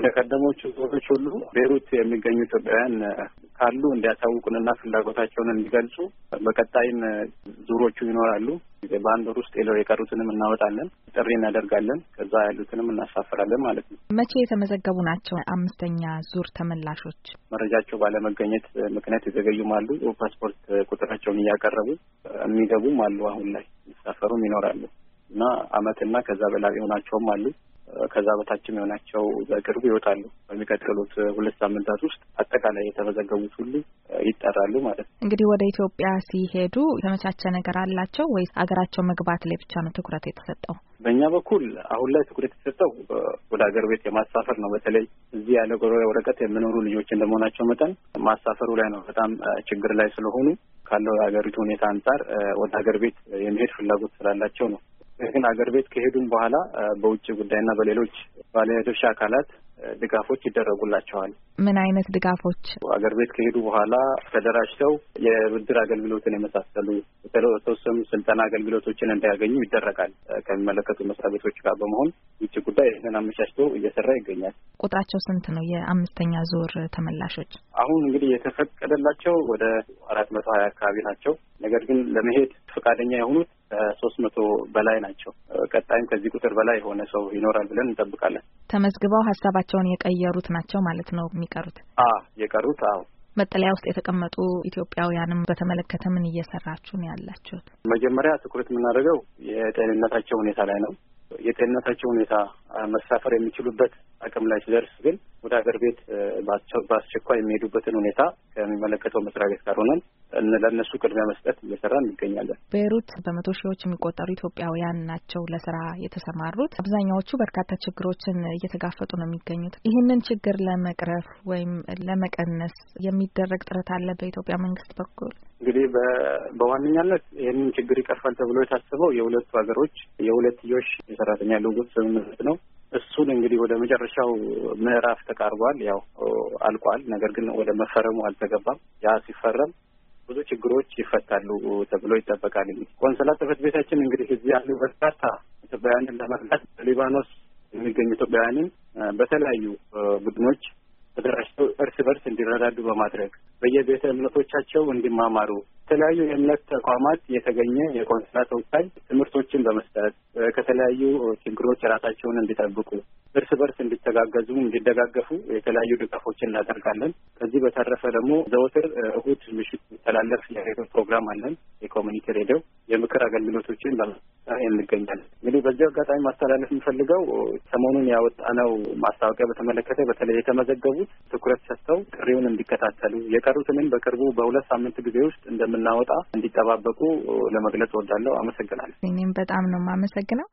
እንደ ቀደሞቹ ዞኖች ሁሉ ቤሩት የሚገኙ ኢትዮጵያውያን ካሉ እንዲያሳውቁንና ፍላጎታቸውን እንዲገልጹ በቀጣይም ዙሮቹ ይኖራሉ። በአንድ ወር ውስጥ የቀሩትንም እናወጣለን፣ ጥሪ እናደርጋለን። ከዛ ያሉትንም እናሳፈራለን ማለት ነው። መቼ የተመዘገቡ ናቸው? አምስተኛ ዙር ተመላሾች መረጃቸው ባለመገኘት ምክንያት የዘገዩም አሉ። ፓስፖርት ቁጥራቸውን እያቀረቡ የሚገቡም አሉ። አሁን ላይ የሚሳፈሩም ይኖራሉ እና አመትና ከዛ በላይ የሆናቸውም አሉ። ከዛ በታችም የሆናቸው በቅርቡ ይወጣሉ። በሚቀጥሉት ሁለት ሳምንታት ውስጥ አጠቃላይ የተመዘገቡት ሁሉ ይጠራሉ ማለት ነው። እንግዲህ ወደ ኢትዮጵያ ሲሄዱ የተመቻቸ ነገር አላቸው ወይስ አገራቸው መግባት ላይ ብቻ ነው ትኩረት የተሰጠው? በእኛ በኩል አሁን ላይ ትኩረት የተሰጠው ወደ ሀገር ቤት የማሳፈር ነው። በተለይ እዚህ ያለ ወረቀት የሚኖሩ ልጆች እንደመሆናቸው መጠን ማሳፈሩ ላይ ነው በጣም ችግር ላይ ስለሆኑ ካለው የሀገሪቱ ሁኔታ አንጻር ወደ ሀገር ቤት የመሄድ ፍላጎት ስላላቸው ነው ግን አገር ቤት ከሄዱም በኋላ በውጭ ጉዳይና በሌሎች ባለድርሻ አካላት ድጋፎች ይደረጉላቸዋል። ምን አይነት ድጋፎች? አገር ቤት ከሄዱ በኋላ ተደራጅተው የብድር አገልግሎትን የመሳሰሉ የተወሰኑ ስልጠና አገልግሎቶችን እንዳያገኙ ይደረጋል። ከሚመለከቱ መስሪያ ቤቶች ጋር በመሆን ውጭ ጉዳይ ይህንን አመቻችቶ እየሰራ ይገኛል። ቁጥራቸው ስንት ነው? የአምስተኛ ዙር ተመላሾች አሁን እንግዲህ የተፈቀደላቸው ወደ አራት መቶ ሀያ አካባቢ ናቸው። ነገር ግን ለመሄድ ፈቃደኛ የሆኑት ከሶስት መቶ በላይ ናቸው። ቀጣይም ከዚህ ቁጥር በላይ የሆነ ሰው ይኖራል ብለን እንጠብቃለን። ተመዝግበው ሀሳባቸውን የቀየሩት ናቸው ማለት ነው የሚቀሩት? አ የቀሩት አዎ። መጠለያ ውስጥ የተቀመጡ ኢትዮጵያውያንም በተመለከተ ምን እየሰራችሁ ነው ያላችሁት? መጀመሪያ ትኩረት የምናደርገው የጤንነታቸው ሁኔታ ላይ ነው። የጤንነታቸው ሁኔታ መሳፈር የሚችሉበት አቅም ላይ ሲደርስ ግን ወደ ሀገር ቤት በአስቸኳይ የሚሄዱበትን ሁኔታ ከሚመለከተው መስሪያ ቤት ጋር ሆነን ለእነሱ ቅድሚያ መስጠት እየሰራ እንገኛለን። ቤይሩት በመቶ ሺዎች የሚቆጠሩ ኢትዮጵያውያን ናቸው ለስራ የተሰማሩት። አብዛኛዎቹ በርካታ ችግሮችን እየተጋፈጡ ነው የሚገኙት። ይህንን ችግር ለመቅረፍ ወይም ለመቀነስ የሚደረግ ጥረት አለ በኢትዮጵያ መንግስት በኩል? እንግዲህ በዋነኛነት ይህንን ችግር ይቀርፋል ተብሎ የታሰበው የሁለቱ ሀገሮች የሁለትዮሽ የሰራተኛ ልውውጥ ስምምነት ነው። እሱን እንግዲህ ወደ መጨረሻው ምዕራፍ ተቃርቧል። ያው አልቋል፣ ነገር ግን ወደ መፈረሙ አልተገባም። ያ ሲፈረም ብዙ ችግሮች ይፈታሉ ተብሎ ይጠበቃል። ቆንስላ ጽሕፈት ቤታችን እንግዲህ እዚህ ያሉ በርካታ ኢትዮጵያውያንን ለመርዳት በሊባኖስ የሚገኙ ኢትዮጵያውያንን በተለያዩ ቡድኖች ተደራጅተው እርስ በርስ እንዲረዳዱ በማድረግ በየቤተ እምነቶቻቸው እንዲማማሩ የተለያዩ የእምነት ተቋማት የተገኘ የቆንስላ ተወካይ ትምህርቶችን በመስጠት ከተለያዩ ችግሮች ራሳቸውን እንዲጠብቁ እርስ በርስ እንዲተጋገዙ፣ እንዲደጋገፉ የተለያዩ ድጋፎችን እናደርጋለን። ከዚህ በተረፈ ደግሞ ዘወትር እሁድ ምሽት የሚተላለፍ የሬዲዮ ፕሮግራም አለን። የኮሚኒቲ ሬዲዮ የምክር አገልግሎቶችን በመስጠት እንገኛለን። እንግዲህ በዚህ አጋጣሚ ማስተላለፍ የምፈልገው ሰሞኑን ያወጣነው ማስታወቂያ በተመለከተ በተለይ የተመዘገቡት ትኩረት ሰጥተው ጥሪውን እንዲከታተሉ የቀሩትንም በቅርቡ በሁለት ሳምንት ጊዜ ውስጥ እንደምናወጣ እንዲጠባበቁ ለመግለጽ እወዳለሁ። አመሰግናለሁ። እኔም በጣም ነው የማመሰግነው።